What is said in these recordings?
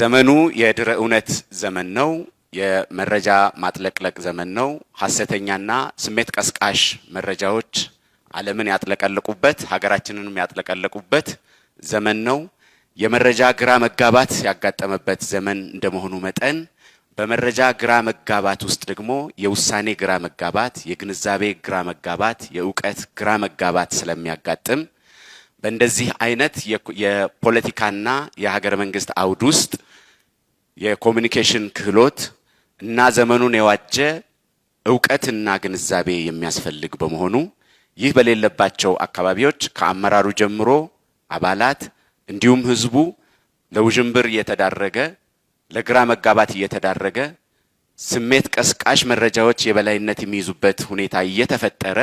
ዘመኑ የድረ እውነት ዘመን ነው። የመረጃ ማጥለቅለቅ ዘመን ነው። ሀሰተኛና ስሜት ቀስቃሽ መረጃዎች ዓለምን ያጥለቀለቁበት ሀገራችንንም ያጥለቀለቁበት ዘመን ነው። የመረጃ ግራ መጋባት ያጋጠመበት ዘመን እንደመሆኑ መጠን በመረጃ ግራ መጋባት ውስጥ ደግሞ የውሳኔ ግራ መጋባት፣ የግንዛቤ ግራ መጋባት፣ የእውቀት ግራ መጋባት ስለሚያጋጥም በእንደዚህ አይነት የፖለቲካና የሀገረ መንግስት አውድ ውስጥ የኮሚኒኬሽን ክህሎት እና ዘመኑን የዋጀ እውቀትና ግንዛቤ የሚያስፈልግ በመሆኑ ይህ በሌለባቸው አካባቢዎች ከአመራሩ ጀምሮ አባላት እንዲሁም ህዝቡ ለውዥንብር እየተዳረገ ለግራ መጋባት እየተዳረገ ስሜት ቀስቃሽ መረጃዎች የበላይነት የሚይዙበት ሁኔታ እየተፈጠረ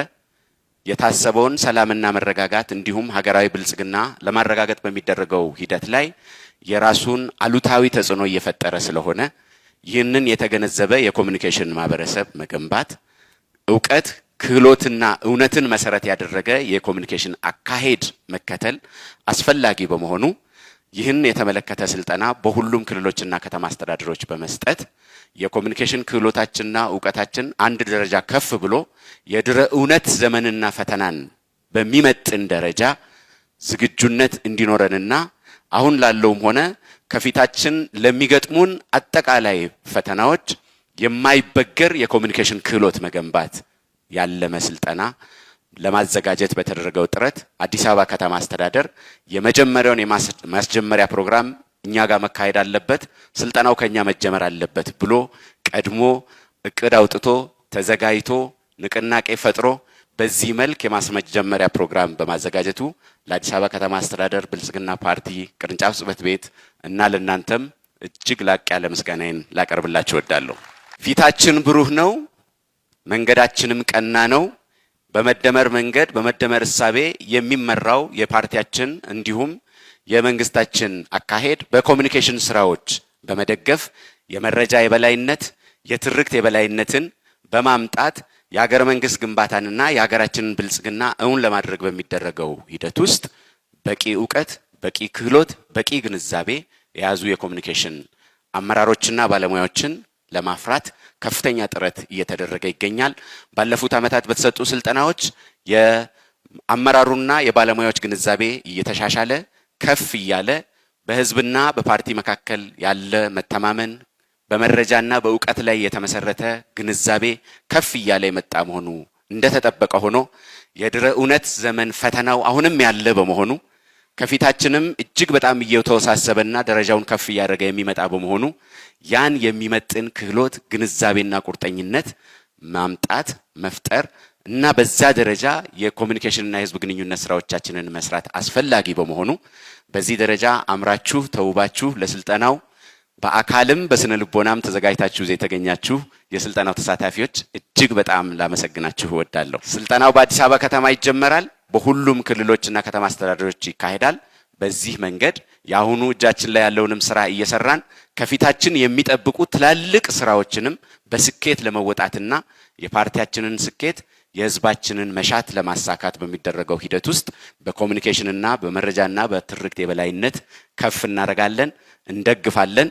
የታሰበውን ሰላምና መረጋጋት እንዲሁም ሀገራዊ ብልጽግና ለማረጋገጥ በሚደረገው ሂደት ላይ የራሱን አሉታዊ ተጽዕኖ እየፈጠረ ስለሆነ ይህንን የተገነዘበ የኮሚኒኬሽን ማህበረሰብ መገንባት እውቀት ክህሎትና እውነትን መሰረት ያደረገ የኮሚኒኬሽን አካሄድ መከተል አስፈላጊ በመሆኑ ይህን የተመለከተ ስልጠና በሁሉም ክልሎችና ከተማ አስተዳደሮች በመስጠት የኮሚኒኬሽን ክህሎታችንና እውቀታችን አንድ ደረጃ ከፍ ብሎ የድረ እውነት ዘመንና ፈተናን በሚመጥን ደረጃ ዝግጁነት እንዲኖረንና አሁን ላለውም ሆነ ከፊታችን ለሚገጥሙን አጠቃላይ ፈተናዎች የማይበገር የኮሚኒኬሽን ክህሎት መገንባት ያለመ ስልጠና ለማዘጋጀት በተደረገው ጥረት አዲስ አበባ ከተማ አስተዳደር የመጀመሪያውን የማስጀመሪያ ፕሮግራም እኛ ጋር መካሄድ አለበት፣ ስልጠናው ከኛ መጀመር አለበት ብሎ ቀድሞ እቅድ አውጥቶ ተዘጋጅቶ ንቅናቄ ፈጥሮ በዚህ መልክ የማስመጀመሪያ ፕሮግራም በማዘጋጀቱ ለአዲስ አበባ ከተማ አስተዳደር ብልጽግና ፓርቲ ቅርንጫፍ ጽሕፈት ቤት እና ለእናንተም እጅግ ላቅ ያለ ምስጋናዬን ላቀርብላችሁ እወዳለሁ። ፊታችን ብሩህ ነው፣ መንገዳችንም ቀና ነው። በመደመር መንገድ በመደመር እሳቤ የሚመራው የፓርቲያችን እንዲሁም የመንግስታችን አካሄድ በኮሚኒኬሽን ስራዎች በመደገፍ የመረጃ የበላይነት፣ የትርክት የበላይነትን በማምጣት የሀገረ መንግስት ግንባታንና የሀገራችንን ብልጽግና እውን ለማድረግ በሚደረገው ሂደት ውስጥ በቂ እውቀት፣ በቂ ክህሎት፣ በቂ ግንዛቤ የያዙ የኮሚኒኬሽን አመራሮችና ባለሙያዎችን ለማፍራት ከፍተኛ ጥረት እየተደረገ ይገኛል። ባለፉት ዓመታት በተሰጡ ስልጠናዎች የአመራሩና የባለሙያዎች ግንዛቤ እየተሻሻለ ከፍ እያለ በህዝብና በፓርቲ መካከል ያለ መተማመን በመረጃና በእውቀት ላይ የተመሰረተ ግንዛቤ ከፍ እያለ የመጣ መሆኑ እንደተጠበቀ ሆኖ የድረ እውነት ዘመን ፈተናው አሁንም ያለ በመሆኑ ከፊታችንም እጅግ በጣም እየተወሳሰበና ደረጃውን ከፍ እያደረገ የሚመጣ በመሆኑ ያን የሚመጥን ክህሎት ግንዛቤና ቁርጠኝነት ማምጣት መፍጠር እና በዛ ደረጃ የኮሚኒኬሽንና የህዝብ ግንኙነት ስራዎቻችንን መስራት አስፈላጊ በመሆኑ በዚህ ደረጃ አምራችሁ ተውባችሁ ለስልጠናው በአካልም በስነ ልቦናም ተዘጋጅታችሁ እዚህ የተገኛችሁ የስልጠናው ተሳታፊዎች እጅግ በጣም ላመሰግናችሁ እወዳለሁ። ስልጠናው በአዲስ አበባ ከተማ ይጀመራል። በሁሉም ክልሎችና ከተማ አስተዳደሮች ይካሄዳል። በዚህ መንገድ የአሁኑ እጃችን ላይ ያለውንም ስራ እየሰራን ከፊታችን የሚጠብቁ ትላልቅ ስራዎችንም በስኬት ለመወጣትና የፓርቲያችንን ስኬት የህዝባችንን መሻት ለማሳካት በሚደረገው ሂደት ውስጥ በኮሚኒኬሽንና በመረጃና በትርክት የበላይነት ከፍ እናደርጋለን፣ እንደግፋለን።